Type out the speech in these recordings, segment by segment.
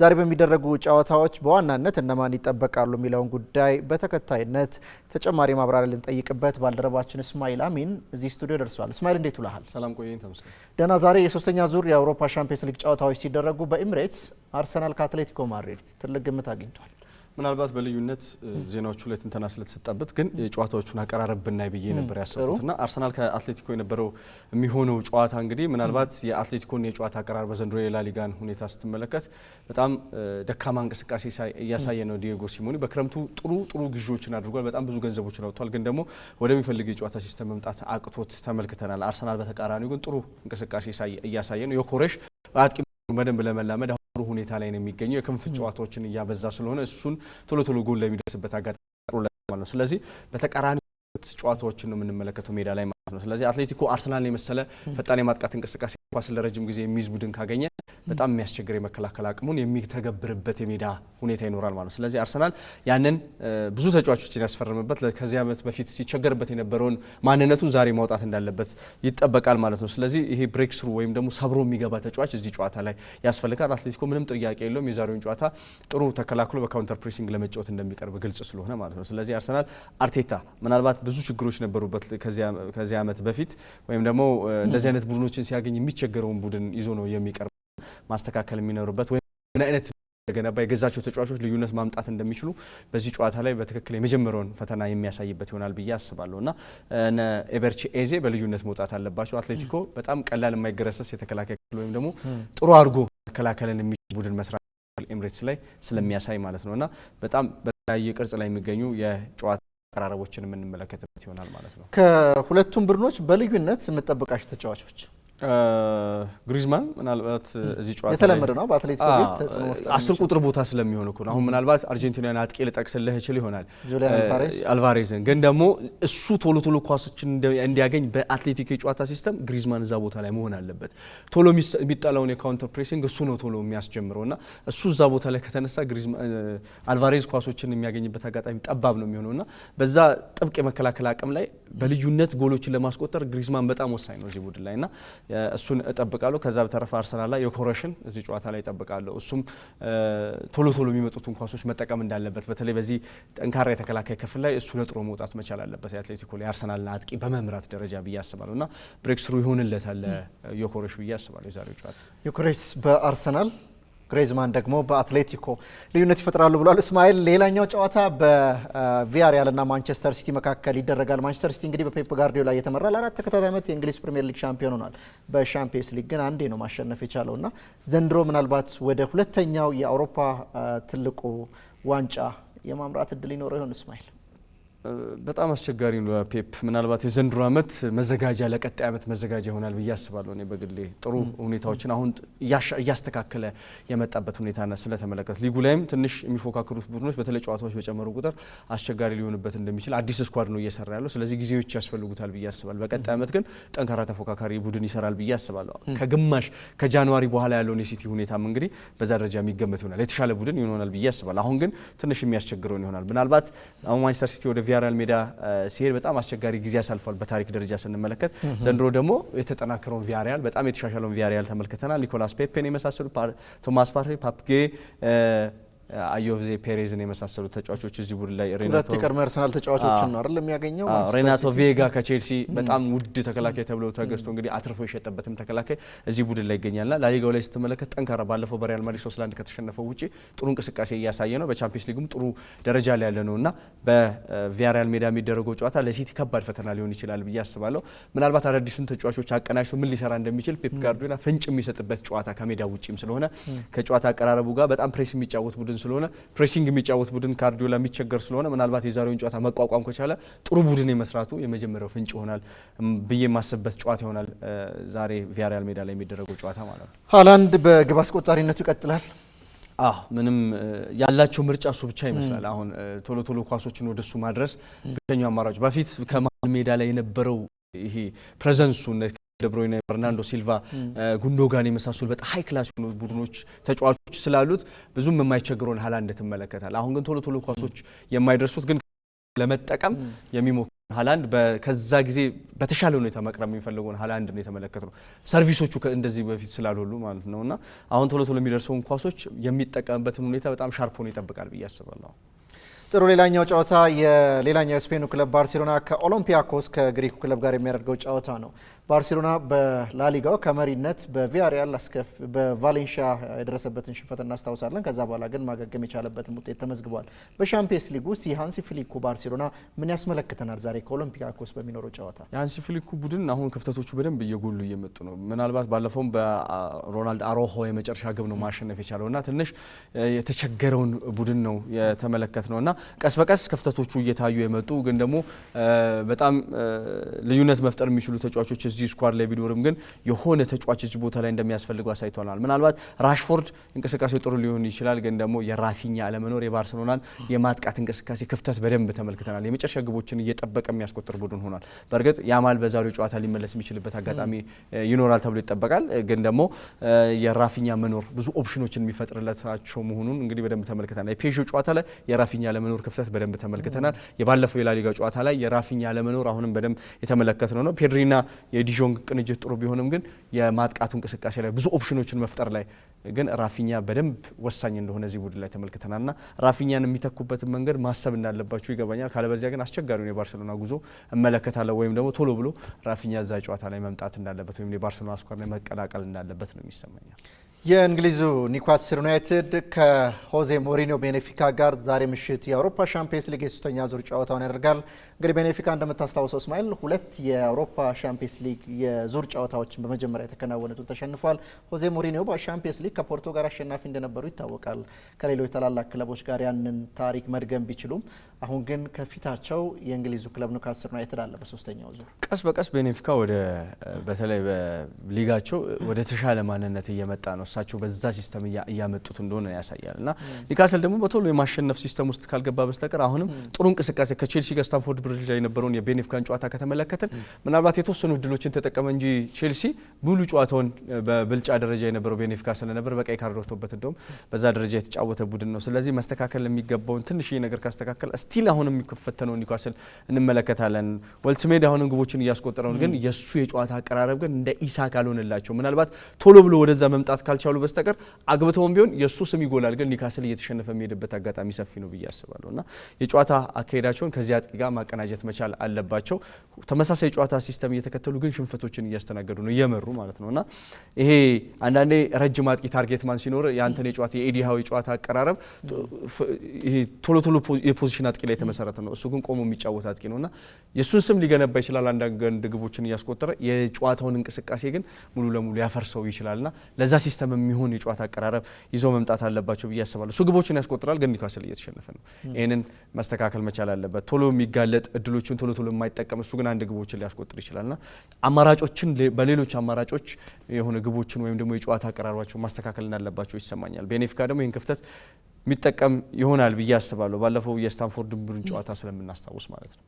ዛሬ በሚደረጉ ጨዋታዎች በዋናነት እነማን ይጠበቃሉ የሚለውን ጉዳይ በተከታይነት ተጨማሪ ማብራሪያ ልንጠይቅበት ባልደረባችን እስማኤል አሚን እዚህ ስቱዲዮ ደርሷል። እስማኤል እንዴት ውለሃል? ሰላም ቆየኝ። ደህና። ዛሬ የሶስተኛ ዙር የአውሮፓ ሻምፒየንስ ሊግ ጨዋታዎች ሲደረጉ በኤሚሬትስ አርሰናል ከአትሌቲኮ ማድሪድ ትልቅ ግምት አግኝቷል። ምናልባት በልዩነት ዜናዎቹ ላይ ትንተና ስለተሰጣበት ግን የጨዋታዎቹን አቀራረብ ብናይ ብዬ ነበር ያሰብኩት እና አርሰናል ከአትሌቲኮ የነበረው የሚሆነው ጨዋታ እንግዲህ ምናልባት የአትሌቲኮን የጨዋታ አቀራረብ በዘንድሮ የላሊጋን ሁኔታ ስትመለከት በጣም ደካማ እንቅስቃሴ እያሳየ ነው ዲዮጎ ሲሞኒ። በክረምቱ ጥሩ ጥሩ ግዢዎችን አድርጓል። በጣም ብዙ ገንዘቦችን አውጥቷል። ግን ደግሞ ወደሚፈልግ የጨዋታ ሲስተም መምጣት አቅቶት ተመልክተናል። አርሰናል በተቃራኒው ግን ጥሩ እንቅስቃሴ እያሳየ ነው። የኮሬሽ በአጥቂ በደንብ ለመላመድ አሁን ሁኔታ ላይ ነው የሚገኘው። የክንፍ ጨዋታዎችን እያበዛ ስለሆነ እሱን ቶሎ ቶሎ ጎል ለሚደርስበት አጋጣሚ ነው። ስለዚህ በተቃራኒ ጨዋታዎችን ነው የምንመለከተው ሜዳ ላይ ማለት ነው። ስለዚህ አትሌቲኮ አርሰናል የመሰለ ፈጣን የማጥቃት እንቅስቃሴ ኳስ ለረጅም ጊዜ የሚይዝ ቡድን ካገኘ በጣም የሚያስቸግር የመከላከል አቅሙን የሚተገብርበት የሜዳ ሁኔታ ይኖራል ማለት ነው። ስለዚህ አርሰናል ያንን ብዙ ተጫዋቾችን ያስፈረመበት ከዚህ ዓመት በፊት ሲቸገርበት የነበረውን ማንነቱን ዛሬ ማውጣት እንዳለበት ይጠበቃል ማለት ነው። ስለዚህ ይሄ ብሬክ ስሩ ወይም ደግሞ ሰብሮ የሚገባ ተጫዋች እዚህ ጨዋታ ላይ ያስፈልጋል። አትሌቲኮ ምንም ጥያቄ የለውም የዛሬውን ጨዋታ ጥሩ ተከላክሎ በካውንተር ፕሬሲንግ ለመጫወት እንደሚቀርብ ግልጽ ስለሆነ ማለት ነው። ስለዚህ አርሰናል አርቴታ ምናልባት ብዙ ችግሮች ነበሩበት ከዚህ ዓመት በፊት ወይም ደግሞ እንደዚህ አይነት ቡድኖችን ሲያገኝ የሚቸገረውን ቡድን ይዞ ነው የሚቀርብ ማስተካከል የሚኖርበት ወይም ምን አይነት ገነባ የገዛቸው ተጫዋቾች ልዩነት ማምጣት እንደሚችሉ በዚህ ጨዋታ ላይ በትክክል የመጀመሪያውን ፈተና የሚያሳይበት ይሆናል ብዬ አስባለሁ እና ኤበርቺ ኤዜ በልዩነት መውጣት አለባቸው። አትሌቲኮ በጣም ቀላል የማይገረሰስ የተከላካይ ክፍል ወይም ደግሞ ጥሩ አድርጎ መከላከልን የሚችል ቡድን መስራት ኤምሬትስ ላይ ስለሚያሳይ ማለት ነው እና በጣም በተለያየ ቅርጽ ላይ የሚገኙ የጨዋታ አቀራረቦችን የምንመለከትበት ይሆናል ማለት ነው። ከሁለቱም ቡድኖች በልዩነት የምጠብቃቸው ተጫዋቾች ግሪዝማን ምናልባት እዚህ ጨዋታ የተለመደ ነው። በአትሌቲኮ ቤት አስር ቁጥር ቦታ ስለሚሆን እኮ አሁን ምናልባት አርጀንቲናን አጥቂ ልጠቅስልህ እችል ይሆናል አልቫሬዝን። ግን ደግሞ እሱ ቶሎ ቶሎ ኳሶችን እንዲያገኝ በአትሌቲኮ የጨዋታ ሲስተም ግሪዝማን እዛ ቦታ ላይ መሆን አለበት። ቶሎ የሚጣላውን የካውንተር ፕሬሲንግ እሱ ነው ቶሎ የሚያስጀምረው እና እሱ እዛ ቦታ ላይ ከተነሳ አልቫሬዝ ኳሶችን የሚያገኝበት አጋጣሚ ጠባብ ነው የሚሆነው እና በዛ ጥብቅ የመከላከል አቅም ላይ በልዩነት ጎሎችን ለማስቆጠር ግሪዝማን በጣም ወሳኝ ነው እዚህ ቡድን ላይ እና እሱን እጠብቃለሁ። ከዛ በተረፈ አርሰናል ላይ የኮረሽን እዚህ ጨዋታ ላይ እጠብቃለሁ። እሱም ቶሎ ቶሎ የሚመጡትን ኳሶች መጠቀም እንዳለበት በተለይ በዚህ ጠንካራ የተከላካይ ክፍል ላይ እሱ ነጥሮ መውጣት መቻል አለበት። የአትሌቲኮ ላይ አርሰናል አጥቂ በመምራት ደረጃ ብዬ አስባለሁ እና ብሬክስሩ ይሆንለታል የኮረሽ ብዬ አስባለሁ። የዛሬው ጨዋታ የኮረሽ በአርሰናል ግሬዝማን ደግሞ በአትሌቲኮ ልዩነት ይፈጥራሉ ብሏል። እስማኤል ሌላኛው ጨዋታ በቪያሪያልና ማንቸስተር ሲቲ መካከል ይደረጋል። ማንቸስተር ሲቲ እንግዲህ በፔፕ ላይ የተመራ ለአራት ተከታታይ ዓመት የእንግሊዝ ፕሪምየር ሊግ ሻምፒዮን ሆኗል። በሻምፒየንስ ሊግ ግን አንዴ ነው ማሸነፍ የቻለው እና ዘንድሮ ምናልባት ወደ ሁለተኛው የአውሮፓ ትልቁ ዋንጫ የማምራት እድል ይኖረው ይሆን እስማኤል? በጣም አስቸጋሪ ነው ፔፕ። ምናልባት የዘንድሮ ዓመት መዘጋጃ ለቀጣይ ዓመት መዘጋጃ ይሆናል ብዬ አስባለሁ። እኔ በግሌ ጥሩ ሁኔታዎችን አሁን እያስተካከለ የመጣበት ሁኔታ ስለተመለከት ሊጉ ላይም ትንሽ የሚፎካከሩት ቡድኖች በተለይ ጨዋታዎች በጨመሩ ቁጥር አስቸጋሪ ሊሆንበት እንደሚችል አዲስ ስኳድ ነው እየሰራ ያለው። ስለዚህ ጊዜዎች ያስፈልጉታል ብዬ አስባለሁ። በቀጣይ ዓመት ግን ጠንካራ ተፎካካሪ ቡድን ይሰራል ብዬ አስባለሁ። ከግማሽ ከጃንዋሪ በኋላ ያለውን የሲቲ ሁኔታም እንግዲህ በዛ ደረጃ የሚገመት ይሆናል። የተሻለ ቡድን ይሆናል ብዬ አስባለሁ። አሁን ግን ትንሽ የሚያስቸግረውን ይሆናል ምናልባት ማንቸስተር ሲቲ ወደ ቪያራል ሜዳ ሲሄድ በጣም አስቸጋሪ ጊዜ ያሳልፏል በታሪክ ደረጃ ስንመለከት። ዘንድሮ ደግሞ የተጠናከረውን ቪያሪያል በጣም የተሻሻለውን ቪያሪያል ተመልክተናል። ኒኮላስ ፔፔን የመሳሰሉ ቶማስ ፓርቴ፣ ፓፕጌ አዮቭ ፔሬዝን የመሳሰሉ ተጫዋቾች እዚህ ቡድን ላይ ሁለት የቀድሞ አርሰናል ተጫዋቾችን ነው አይደል የሚያገኘው። ሬናቶ ቬጋ ከቼልሲ በጣም ውድ ተከላካይ ተብሎ ተገዝቶ እንግዲህ አትርፎ የሸጠበትም ተከላካይ እዚህ ቡድን ላይ ይገኛልና ላሊጋው ላይ ስትመለከት ጠንካራ ባለፈው በሪያል ማድሪድ ሶስት ለአንድ ከተሸነፈው ውጪ ጥሩ እንቅስቃሴ እያሳየ ነው። በቻምፒየንስ ሊግም ጥሩ ደረጃ ላይ ያለ ነው እና በቪያሪያል ሜዳ የሚደረገው ጨዋታ ለሲቲ ከባድ ፈተና ሊሆን ይችላል ብዬ አስባለሁ። ምናልባት አዳዲሱን ተጫዋቾች አቀናጅቶ ምን ሊሰራ እንደሚችል ፔፕ ጋርዲዮላ ፍንጭ የሚሰጥበት ጨዋታ ከሜዳ ውጪም ስለሆነ ከጨዋታ አቀራረቡ ጋር በጣም ፕሬስ የሚጫወት ቡድን ስለሆነ ፕሬሲንግ የሚጫወት ቡድን ካርዲዮላ የሚቸገር ስለሆነ ምናልባት የዛሬውን ጨዋታ መቋቋም ከቻለ ጥሩ ቡድን የመስራቱ የመጀመሪያው ፍንጭ ይሆናል ብዬ የማስበት ጨዋታ ይሆናል ዛሬ ቪያሪያል ሜዳ ላይ የሚደረገው ጨዋታ ማለት ነው። ሀላንድ በግብ አስቆጣሪነቱ ይቀጥላል። አዎ ምንም ያላቸው ምርጫ እሱ ብቻ ይመስላል። አሁን ቶሎ ቶሎ ኳሶችን ወደሱ ማድረስ ብቸኛው አማራጭ በፊት ከመሀል ሜዳ ላይ የነበረው ይሄ ፕሬዘንሱ ደብሮይነ፣ ፈርናንዶ ሲልቫ፣ ጉንዶጋን የመሳሰሉ በጣም ሀይ ክላስ የሆኑ ቡድኖች ተጫዋቾች ስላሉት ብዙም የማይቸግረውን ሀላንድ ትመለከታል። አሁን ግን ቶሎ ቶሎ ኳሶች የማይደርሱት ግን ለመጠቀም የሚሞክሩ ሀላንድ ከዛ ጊዜ በተሻለ ሁኔታ መቅረብ የሚፈልገውን ሀላንድ ነው የተመለከት ነው። ሰርቪሶቹ እንደዚህ በፊት ስላልሆኑ ማለት ነው እና አሁን ቶሎ ቶሎ የሚደርሰውን ኳሶች የሚጠቀምበትን ሁኔታ በጣም ሻርፖን ይጠብቃል ብዬ አስባለሁ። ጥሩ ሌላኛው ጨዋታ የሌላኛው የስፔኑ ክለብ ባርሴሎና ከኦሎምፒያኮስ ከግሪኩ ክለብ ጋር የሚያደርገው ጨዋታ ነው። ባርሴሎና በላሊጋው ከመሪነት በቪያሪያል በቫሌንሺያ የደረሰበትን ሽንፈት እናስታውሳለን። ከዛ በኋላ ግን ማገገም የቻለበትን ውጤት ተመዝግቧል። በሻምፒየንስ ሊግ ውስጥ የሃንሲ ፍሊኩ ባርሴሎና ምን ያስመለክተናል? ዛሬ ከኦሎምፒያኮስ በሚኖረው ጨዋታ የሃንሲ ፍሊኩ ቡድን አሁን ክፍተቶቹ በደንብ እየጎሉ እየመጡ ነው። ምናልባት ባለፈውም በሮናልድ አሮሆ የመጨረሻ ግብ ነው ማሸነፍ የቻለው እና ትንሽ የተቸገረውን ቡድን ነው የተመለከት ነው እና ቀስ በቀስ ክፍተቶቹ እየታዩ የመጡ ግን ደግሞ በጣም ልዩነት መፍጠር የሚችሉ ተጫዋቾች እዚህ ስኳድ ላይ ቢኖርም ግን የሆነ ተጫዋች እዚህ ቦታ ላይ እንደሚያስፈልገው አሳይቶናል። ምናልባት ራሽፎርድ እንቅስቃሴ ጥሩ ሊሆን ይችላል፣ ግን ደግሞ የራፊኛ አለመኖር የባርሰሎናን የማጥቃት እንቅስቃሴ ክፍተት በደንብ ተመልክተናል። የመጨረሻ ግቦችን እየጠበቀ የሚያስቆጥር ቡድን ሆኗል። በእርግጥ ያማል በዛሬው ጨዋታ ሊመለስ የሚችልበት አጋጣሚ ይኖራል ተብሎ ይጠበቃል። ግን ደግሞ የራፊኛ መኖር ብዙ ኦፕሽኖችን የሚፈጥርለታቸው መሆኑን እንግዲህ በደንብ ተመልክተናል። የፔዥ ጨዋታ ላይ የራፊኛ ለመኖር የአለመኖር ክፍተት በደንብ ተመልክተናል። የባለፈው የላሊጋ ጨዋታ ላይ የራፊኛ ለመኖር አሁንም በደንብ የተመለከት ነው። ፔድሪና የዲዦንግ ቅንጅት ጥሩ ቢሆንም ግን የማጥቃቱ እንቅስቃሴ ላይ ብዙ ኦፕሽኖችን መፍጠር ላይ ግን ራፊኛ በደንብ ወሳኝ እንደሆነ እዚህ ቡድን ላይ ተመልክተናል ና ራፊኛን የሚተኩበትን መንገድ ማሰብ እንዳለባቸው ይገባኛል። ካለበዚያ ግን አስቸጋሪውን የባርሰሎና ጉዞ እመለከታለሁ ወይም ደግሞ ቶሎ ብሎ ራፊኛ እዛ ጨዋታ ላይ መምጣት እንዳለበት ወይም የባርሰሎና አስኳር ላይ መቀላቀል እንዳለበት ነው የሚሰማኛል። የእንግሊዙ ኒኳስር ዩናይትድ ከሆዜ ሞሪኒዮ ቤኔፊካ ጋር ዛሬ ምሽት የአውሮፓ ሻምፒየንስ ሊግ የሶስተኛ ዙር ጨዋታውን ያደርጋል። እንግዲህ ቤኔፊካ እንደምታስታውሰው እስማኤል ሁለት የአውሮፓ ሻምፒየንስ ሊግ የዙር ጨዋታዎችን በመጀመሪያ የተከናወኑትን ተሸንፏል። ሆዜ ሞሪኒዮ በሻምፒየንስ ሊግ ከፖርቶ ጋር አሸናፊ እንደነበሩ ይታወቃል። ከሌሎች ታላላቅ ክለቦች ጋር ያንን ታሪክ መድገም ቢችሉም አሁን ግን ከፊታቸው የእንግሊዙ ክለብ ኒውካስል ዩናይትድ አለ በሶስተኛው ዙር። ቀስ በቀስ ቤኔፊካ ወደ በተለይ በሊጋቸው ወደ ተሻለ ማንነት እየመጣ ነው እሳቸው በዛ ሲስተም እያመጡት እንደሆነ ያሳያል። እና ኒካስል ደግሞ በቶሎ የማሸነፍ ሲስተም ውስጥ ካልገባ በስተቀር አሁንም ጥሩ እንቅስቃሴ ከቼልሲ ጋር ስታንፎርድ ብሪጅ ላይ የነበረውን የቤኔፊካን ጨዋታ ከተመለከትን ምናልባት የተወሰኑ እድሎችን ተጠቀመ እንጂ ቼልሲ ሙሉ ጨዋታውን በብልጫ ደረጃ የነበረው ቤኔፊካ ስለነበር በቀይ ካርድ ወጥቶበት እንደውም በዛ ደረጃ የተጫወተ ቡድን ነው። ስለዚህ መስተካከል የሚገባውን ትንሽ ነገር ካስተካከል ስቲል አሁንም የሚከፈተነው ኒኳስል እንመለከታለን። ወልትሜድ አሁንም ግቦችን እያስቆጠረውን ግን የእሱ የጨዋታ አቀራረብ ግን እንደ ኢሳ ካልሆነላቸው ምናልባት ቶሎ ብሎ ወደዛ መምጣት ካል ካልቻሉ በስተቀር አግብተውም ቢሆን የእሱ ስም ይጎላል። ግን ኒካስል እየተሸነፈ የሚሄድበት አጋጣሚ ሰፊ ነው ብዬ አስባለሁ እና የጨዋታ አካሄዳቸውን ከዚህ አጥቂ ጋር ማቀናጀት መቻል አለባቸው። ተመሳሳይ የጨዋታ ሲስተም እየተከተሉ ግን ሽንፈቶችን እያስተናገዱ ነው እየመሩ ማለት ነው እና ይሄ አንዳንዴ ረጅም አጥቂ ታርጌት ማን ሲኖር የአንተን የጨዋታ የኤዲሃዊ የጨዋታ አቀራረብ ቶሎ ቶሎ የፖዚሽን አጥቂ ላይ የተመሰረተ ነው። እሱ ግን ቆሞ የሚጫወት አጥቂ ነው እና የእሱን ስም ሊገነባ ይችላል። አንዳንድ ግቦችን እያስቆጠረ የጨዋታውን እንቅስቃሴ ግን ሙሉ ለሙሉ ያፈርሰው ይችላል እና ለዛ ሲስተም ለዓለም የሚሆን የጨዋታ አቀራረብ ይዞ መምጣት አለባቸው ብዬ አስባለሁ። እሱ ግቦችን ያስቆጥራል። ግን ኒውካስል እየተሸነፈ ነው። ይህንን መስተካከል መቻል አለበት። ቶሎ የሚጋለጥ እድሎችን ቶሎ ቶሎ የማይጠቀም እሱ ግን አንድ ግቦችን ሊያስቆጥር ይችላልና አማራጮችን በሌሎች አማራጮች የሆነ ግቦችን ወይም ደግሞ የጨዋታ አቀራረባቸው ማስተካከል እንዳለባቸው ይሰማኛል። ቤኔፊካ ደግሞ ይህን ክፍተት የሚጠቀም ይሆናል ብዬ አስባለሁ። ባለፈው የስታንፎርድ ብሩን ጨዋታ ስለምናስታውስ ማለት ነው።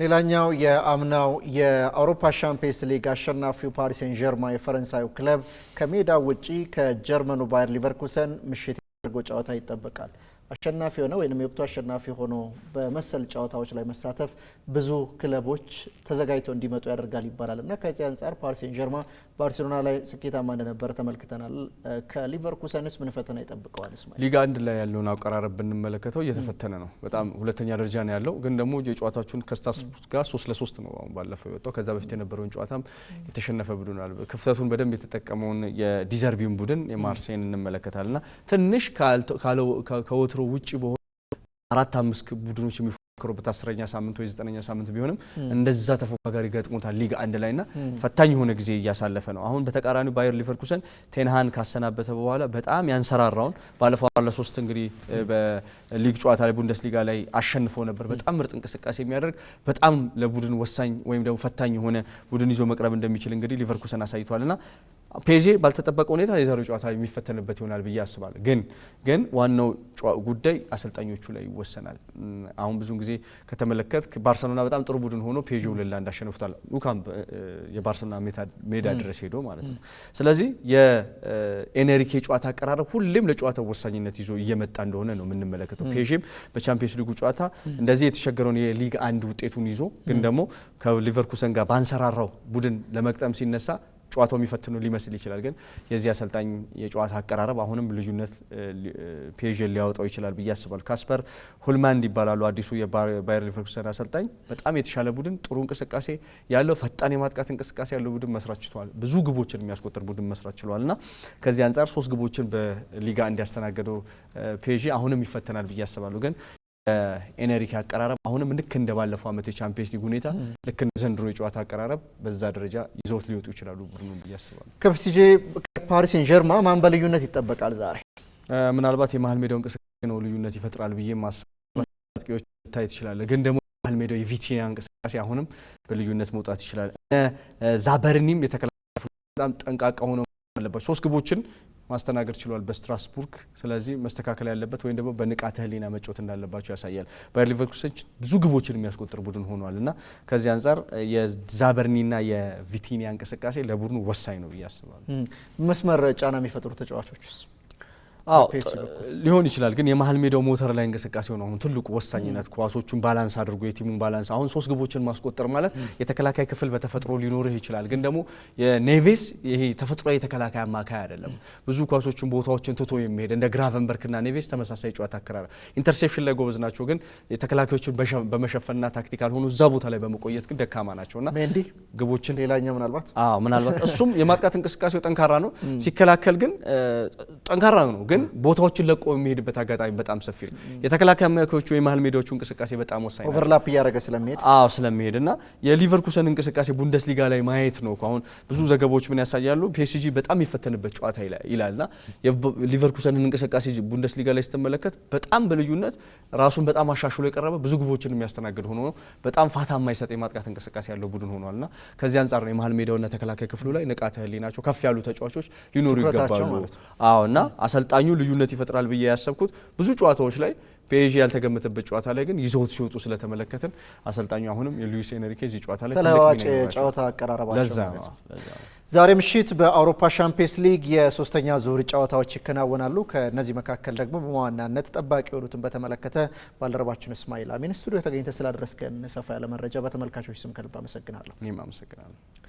ሌላኛው የአምናው የአውሮፓ ሻምፒየንስ ሊግ አሸናፊው ፓሪስ ሴን ጀርማ የፈረንሳዩ ክለብ ከሜዳ ውጪ ከጀርመኑ ባየር ሊቨርኩሰን ምሽት ያደርገው ጨዋታ ይጠበቃል። አሸናፊ ሆነ ወይም የወቅቱ አሸናፊ ሆኖ በመሰል ጨዋታዎች ላይ መሳተፍ ብዙ ክለቦች ተዘጋጅተው እንዲመጡ ያደርጋል ይባላል እና ከዚህ አንጻር ፓሪሴን ጀርማ ባርሴሎና ላይ ስኬታማ እንደነበረ ተመልክተናል። ከሊቨርኩሰንስ ምን ፈተና ይጠብቀዋል? እስማኤል ሊግ አንድ ላይ ያለውን አቀራረብ ብንመለከተው እየተፈተነ ነው። በጣም ሁለተኛ ደረጃ ነው ያለው። ግን ደግሞ የጨዋታችሁን ከስታስፖርት ጋር ሶስት ለሶስት ነው አሁን ባለፈው የወጣው። ከዛ በፊት የነበረውን ጨዋታም የተሸነፈ ቡድናል። ክፍተቱን በደንብ የተጠቀመውን የዲዘርቢን ቡድን የማርሴን እንመለከታል እና ትንሽ ከወትሮ ከወትሮ ውጭ በሆኑ አራት አምስት ቡድኖች የሚፎካከሩበት አስረኛ ሳምንት ወይ ዘጠነኛ ሳምንት ቢሆንም እንደዛ ተፎካካሪ ገጥሞታል ሊግ አንድ ላይ ና ፈታኝ የሆነ ጊዜ እያሳለፈ ነው። አሁን በተቃራኒው ባየር ሊቨርኩሰን ቴንሃን ካሰናበተ በኋላ በጣም ያንሰራራውን ባለፈው ሶስት እንግዲህ በሊግ ጨዋታ ላይ ሊጋ ላይ አሸንፎ ነበር። በጣም ምርጥ እንቅስቃሴ የሚያደርግ በጣም ለቡድን ወሳኝ ወይም ደግሞ ፈታኝ የሆነ ቡድን ይዞ መቅረብ እንደሚችል እንግዲህ ሊቨርኩሰን አሳይቷል ና ፔዤ ባልተጠበቀ ሁኔታ የዛሬው ጨዋታ የሚፈተንበት ይሆናል ብዬ አስባለሁ። ግን ግን ዋናው ጉዳይ አሰልጣኞቹ ላይ ይወሰናል። አሁን ብዙን ጊዜ ከተመለከት ባርሰሎና በጣም ጥሩ ቡድን ሆኖ ፔዤ ሁለት ለአንድ ሉካም የባርሰሎና ሜዳ ድረስ ሄዶ ማለት ነው። ስለዚህ የኤነሪኬ ጨዋታ አቀራረብ ሁሌም ለጨዋታው ወሳኝነት ይዞ እየመጣ እንደሆነ ነው የምንመለከተው። ፔዤም በቻምፒየንስ ሊጉ ጨዋታ እንደዚህ የተቸገረውን የሊግ አንድ ውጤቱን ይዞ ግን ደግሞ ከሊቨርኩሰን ጋር ባንሰራራው ቡድን ለመቅጠም ሲነሳ ጨዋታው የሚፈትኑ ሊመስል ይችላል። ግን የዚህ አሰልጣኝ የጨዋታ አቀራረብ አሁንም ልዩነት ፔዥን ሊያወጣው ይችላል ብዬ አስባለሁ። ካስፐር ሁልማንድ ይባላሉ አዲሱ የባየር ሊቨርኩሰን አሰልጣኝ። በጣም የተሻለ ቡድን፣ ጥሩ እንቅስቃሴ ያለው ፈጣን የማጥቃት እንቅስቃሴ ያለው ቡድን መስራት ችሏል። ብዙ ግቦችን የሚያስቆጥር ቡድን መስራት ችሏል እና ከዚህ አንጻር ሶስት ግቦችን በሊጋ እንዲያስተናገደው ፔዥ አሁንም ይፈተናል ብዬ አስባለሁ። ግን ኤነሪክ አቀራረብ አሁንም ልክ እንደ ባለፈው ዓመት የቻምፒየንስ ሊግ ሁኔታ ልክ እንደ ዘንድሮ የጨዋታ አቀራረብ በዛ ደረጃ ይዘውት ሊወጡ ይችላሉ ቡድኑ ብዬ አስባለሁ። ከፒሲጄ ከፓሪስ ሴን ጀርማ ማን በልዩነት ይጠበቃል? ዛሬ ምናልባት የመሀል ሜዳው እንቅስቃሴ ነው ልዩነት ይፈጥራል ብዬ ማስባት አጥቂዎች ታይ ትችላለ። ግን ደግሞ የመሀል ሜዳው የቪቲኒያ እንቅስቃሴ አሁንም በልዩነት መውጣት ይችላል። ዛበርኒም የተከላካይ በጣም ጠንቃቃ ሆነው አለባቸው ሶስት ግቦችን ማስተናገድ ችሏል በስትራስቡርግ። ስለዚህ መስተካከል ያለበት ወይም ደግሞ በንቃተ ህሊና መጫወት እንዳለባቸው ያሳያል። ባየር ሊቨርኩሰን ብዙ ግቦችን የሚያስቆጥር ቡድን ሆኗል እና ከዚህ አንጻር የዛበርኒና የቪቲኒያ እንቅስቃሴ ለቡድኑ ወሳኝ ነው ብዬ አስባለሁ። መስመር ጫና የሚፈጥሩ ተጫዋቾች ሊሆን ይችላል ግን የመሀል ሜዳው ሞተር ላይ እንቅስቃሴ ነው አሁን ትልቁ ወሳኝነት። ኳሶቹን ባላንስ አድርጎ የቲሙን ባላንስ አሁን ሶስት ግቦችን ማስቆጠር ማለት የተከላካይ ክፍል በተፈጥሮ ሊኖርህ ይችላል፣ ግን ደግሞ የኔቬስ ይሄ ተፈጥሯዊ የተከላካይ አማካይ አይደለም። ብዙ ኳሶችን ቦታዎችን ትቶ የሚሄድ እንደ ግራቨንበርክና ኔቬስ ተመሳሳይ ጨዋታ አከራረ ኢንተርሴፕሽን ላይ ጎበዝ ናቸው፣ ግን የተከላካዮችን በመሸፈንና ታክቲካል ሆኑ እዛ ቦታ ላይ በመቆየት ግን ደካማ ናቸውና ግቦችን ሌላኛ ምናልባት ምናልባት እሱም የማጥቃት እንቅስቃሴው ጠንካራ ነው፣ ሲከላከል ግን ጠንካራ ነው ግን ግን ቦታዎችን ለቆ የሚሄድበት አጋጣሚ በጣም ሰፊ ነው። የተከላካይ አማካዮቹ የመሀል ሜዳዎቹ እንቅስቃሴ በጣም ወሳኝ ነው። ኦቨርላፕ እያደረገ ስለሚሄድ አዎ ስለሚሄድ እና የሊቨርኩሰን እንቅስቃሴ ቡንደስሊጋ ላይ ማየት ነው። አሁን ብዙ ዘገባዎች ምን ያሳያሉ? ፒኤስጂ በጣም የሚፈተንበት ጨዋታ ይላልና የሊቨርኩሰንን እንቅስቃሴ ቡንደስሊጋ ላይ ስትመለከት በጣም በልዩነት ራሱን በጣም አሻሽሎ የቀረበ ብዙ ግቦችን የሚያስተናግድ ሆኖ በጣም ፋታ የማይሰጥ የማጥቃት እንቅስቃሴ ያለው ቡድን ሆኗልና ከዚህ አንጻር ነው የመሀል ሜዳውና ተከላካይ ክፍሉ ላይ ንቃተ ህሊናቸው ከፍ ያሉ ተጫዋቾች ሊኖሩ ይገባሉ። አዎ እና አሰልጣኙ ሲገናኙ ልዩነት ይፈጥራል ብዬ ያሰብኩት ብዙ ጨዋታዎች ላይ ፔዥ ያልተገመተበት ጨዋታ ላይ ግን ይዘውት ሲወጡ ስለተመለከትን አሰልጣኙ አሁንም የሉዊስ ኤንሪኬ እዚህ ጨዋታ ላይ ተለዋጭ ጨዋታ አቀራረባቸው ነው። ዛሬ ምሽት በአውሮፓ ሻምፒየንስ ሊግ የሶስተኛ ዙር ጨዋታዎች ይከናወናሉ። ከእነዚህ መካከል ደግሞ በዋናነት ጠባቂ የሆኑትን በተመለከተ ባልደረባችን እስማኤል አሚን ስቱዲዮ ተገኝተ ስላደረስከን ሰፋ ያለ መረጃ በተመልካቾች ስም ከልብ አመሰግናለሁ። እኔም አመሰግናለሁ።